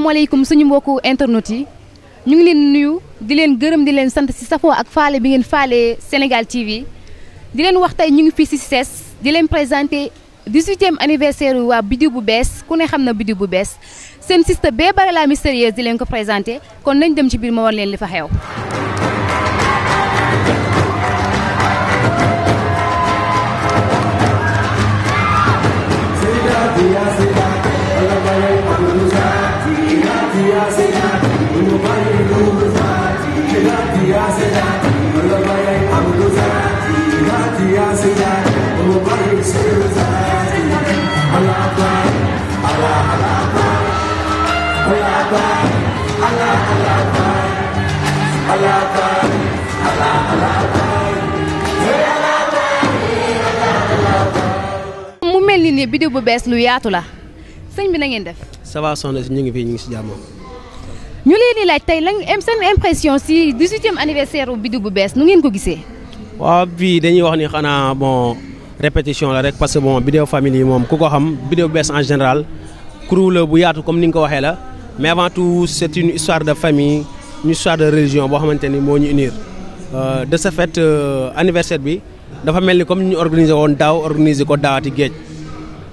asalaamaaleykum suñu mbokku internet yi ñu ngi leen nuyu di leen gërëm di leen sant si safoo ak faale bi ngeen faale Sénégal TV di leen wax tey ñu ngi fii si CICES di leen présenté 18e anniversaire yu waa Bidiw bu bees ku ne xam na Bidiw bu bees seen sista bee bare la mystérieuse di leen ko présenté kon nañ dem ci biir ma war leen li fa xew. mu mel ni ne bidéo bu bees lu yaatu la sëñ bi na ngeen def. ça va soxna ñu ngi fi ñu ngi si impression si 18e anniversaire bu bu bees nu ngeen waaw bii dañuy wax ni xanaa bon répétition la rek parce que bon Vidéo famille, yi moom ku ko xam en général crew la bu yaatu comme ni nga la mais avant tout c'est une histoire de famille une histoire de religion pour maintenir mon moo ñu unir euh, de ce fait euh, anniversaire bi dafa mel comme ñu organisons, on daaw organisé ko daawati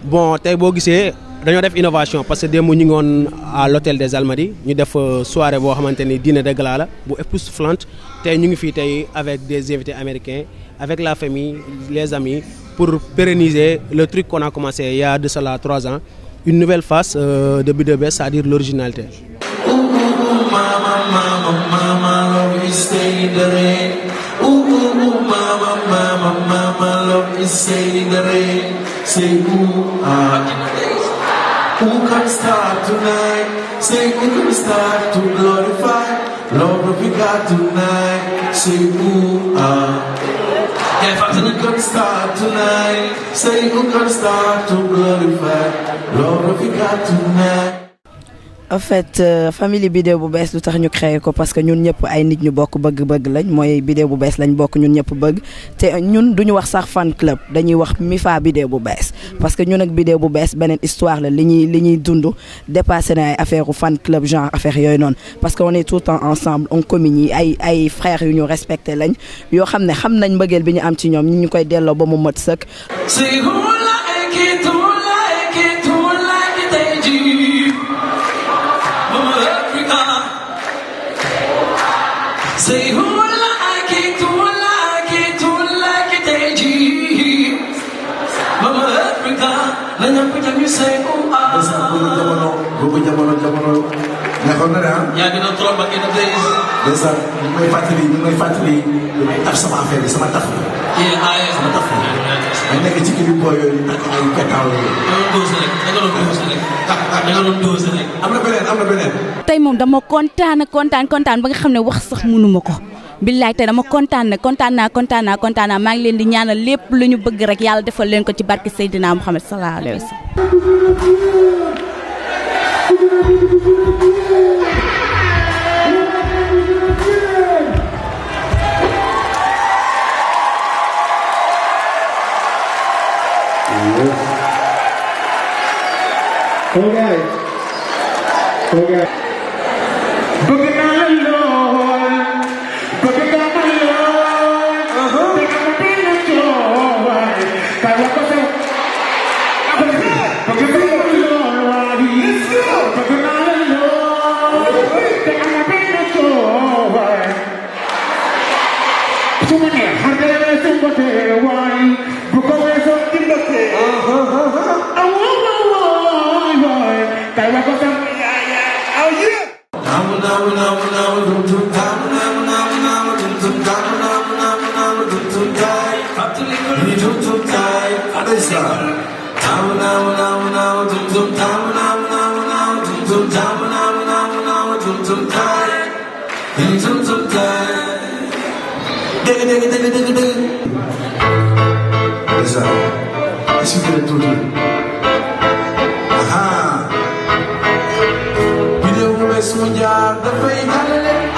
bon tey beau gisee dañoo def innovation parce que démb ñu ngi à l'hôtel des Almadies ñu def euh, soirée pour xamanteni le dîner de gala la bu flante tey ñu ngi fi tay avec des invités américains avec la famille les amis pour pérenniser le truc qu'on a commencé il y a de cela trois ans une nouvelle face euh, de BDB c'est-à-dire l'originalité Who can start tonight? Say, uh, who can start to glorify Lord of God tonight? Say, who are? If I can start tonight, say, who can start to glorify Lord of God tonight? en fait euh, famille Bidew bu bess lutax ñu créé ko parce que ñun ñëpp ay nit ñu bokk bëgg-bëgg lañ moy Bidew bu bess lañ bokk ñun ñëpp bëgg té ñun duñu wax sax fan club dañuy wax Mifa Bidew bu bess parce que ñun ak Bidew bu bess benen histoire la liñuy liñuy li ñuy dund dépassé na ay affaireu fan club genre affaire yoy non parce que on est tout temps ensemble on communi ay ay frères yu ñu respecter lañ yo xamné xam nañ mbëggeel bi ñu am ci ñom ñu ñu koy delloo ba mu mët sëkk yaa ngi tey moom dama kontaan kontaan kontaan ba nga xam ne wax sax mënuma ko. billaay te dama kontaan na kontaan naa kontaan naa kontaan maa ngi leen di ñaanal lépp lu ñu bëgg rek yàlla defal leen ko ci barke Seydina Muhammad sallallahu alayhi wa Okay. Okay. Poor Exato. É tudo. Aham. Video começa a molhar, feita,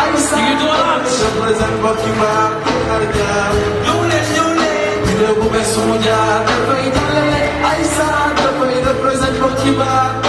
aí sai. Né? Surpresa que vai queimar, feita, aí sai. Da feita, que vai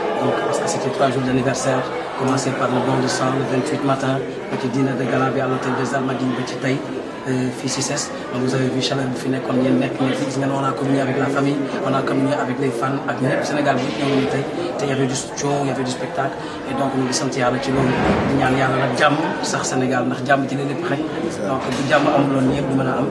Donc, parce que c'était trois jours d'anniversaire, commencé par le don de sang le 28 matin, petit dîner de gala à l'hôtel des Almadines, petit taille. fii si s vous avez vu chaleur bu fi nekkoon ngeen nekk ngeen fi on a communié avec la famille on a communié avec les fans avec ñëpp Sénégal bi ñëw Il y avait du show y avait du spectacle et donc ñu ngi sant à la loolu di ñaan yàlla nag jàmm au Sénégal ndax jàmm ci la lépp xëy donc bu jàmm on ñëpp du on a am.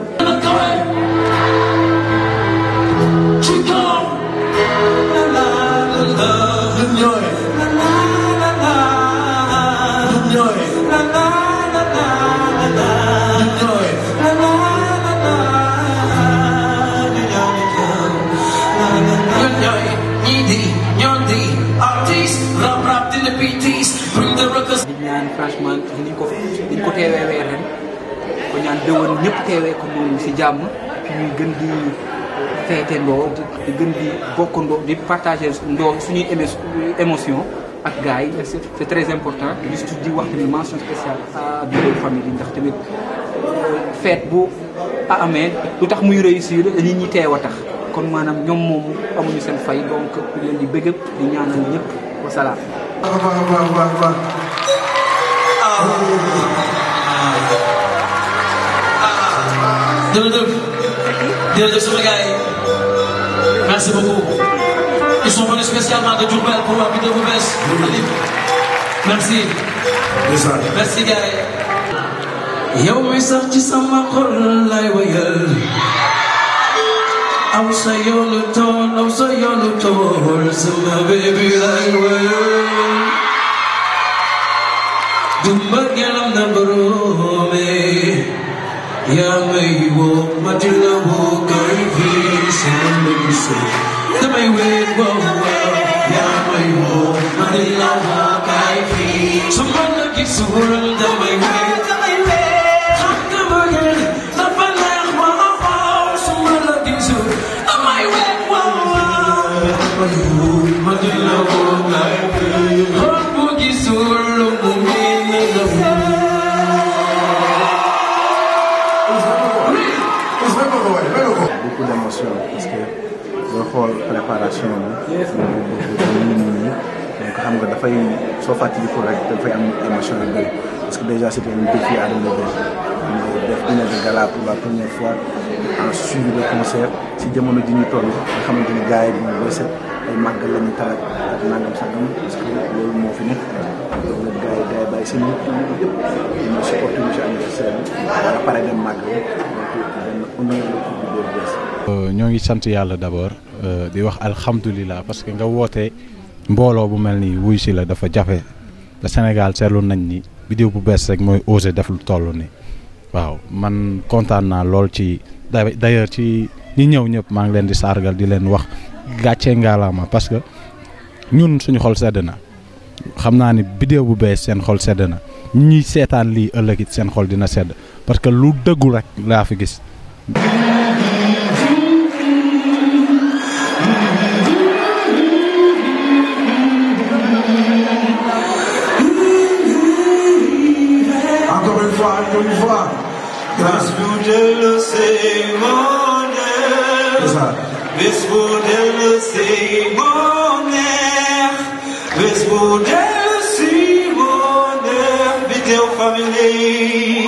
di ñaan franchement ni ñu ko ni ñu ko teewee weer ren ko ñaan déwén ñëpp teewee ko moom si jàmm fi ñuy gën di faites ndoo di gën di bokkandoo di partager ndoo suñuy émotion ak c'est très important juste di wax mention spéciale à famille ndax tamit bu réussir nit ñi tax kon maanaam amuñu fay donc di ñaanal jërëjëf sama gars merci beaucoup ils sont venus spécialement de Djoubel pour wax vidéo bu merci. merci gars yi. yow mi sax ci sama xol lay wayal aw sa yoonu tool aw sa yoonu tool sama bébé lay wayal Dumba mbëggeelam na borom 也没我，马丢了我该飞向你说，他没为我，也没我，马丢了我该飞，什么都给说，他没为。xool préparation bi donc xam nga dafay soo fàttaliku rek dafay am émotion yu bëri parce que déjà c'était un défi à relever def dina de la première fois en suivi de concert si jamono ji ñu toll nga xamante ni gars yi bu ñu koy set ay màggal la ñu taal ak parce que loolu moo fi nekk loolu nag gars yi gars yi bàyyi seen si anniversaire bi pare dem màggal donc benn honneur bees Euh, ñoo ngi sant yàlla d'abord euh, di wax alhamdulilah parce que nga woote mbooloo bu mel nii wuy si la dafa jafe te Sénégal seetlu nañ ni vidéo bu bees rek mooy osé def lu toll ni waaw man kontaan naa lool ci d'ailleurs ci ñi ñëw ñëpp maa ngi leen di sargal di leen wax gàcce ngaalaama parce que ñun suñu xol sedd na xam naa ni vidéo bu bees seen xol sedd na ñuy seetaan lii ëllëg it seen xol dina sedd parce que lu dëggu rek laa fi gis. Besbudel Seimonech Besbudel Seimonech Besbudel Seimonech Bitte auf Familie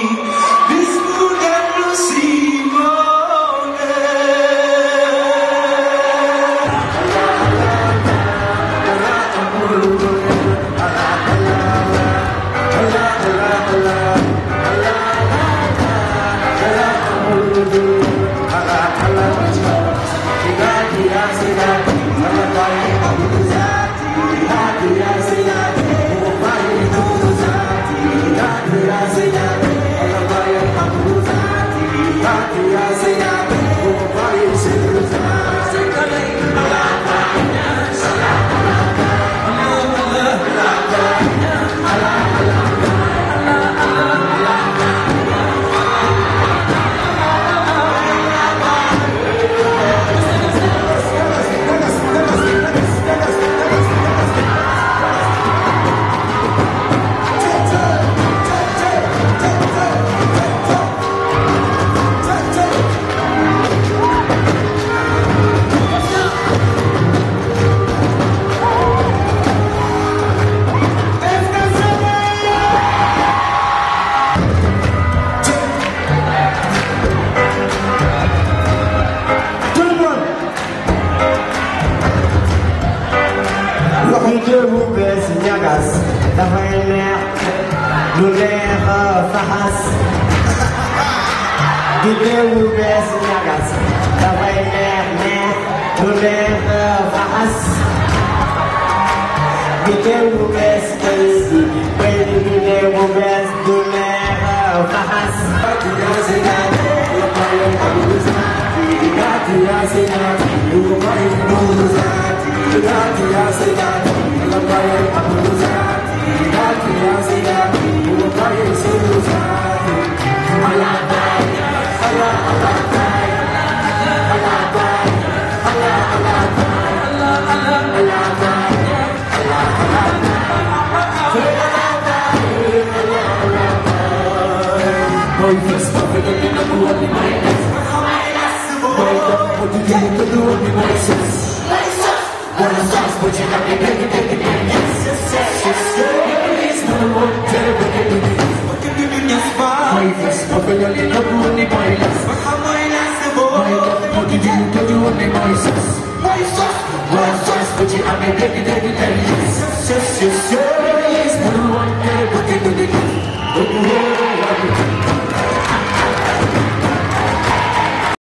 di déewu bees ñagas dafay neex neex lu neex faxas di déewu bees What you have been taking, taking, taking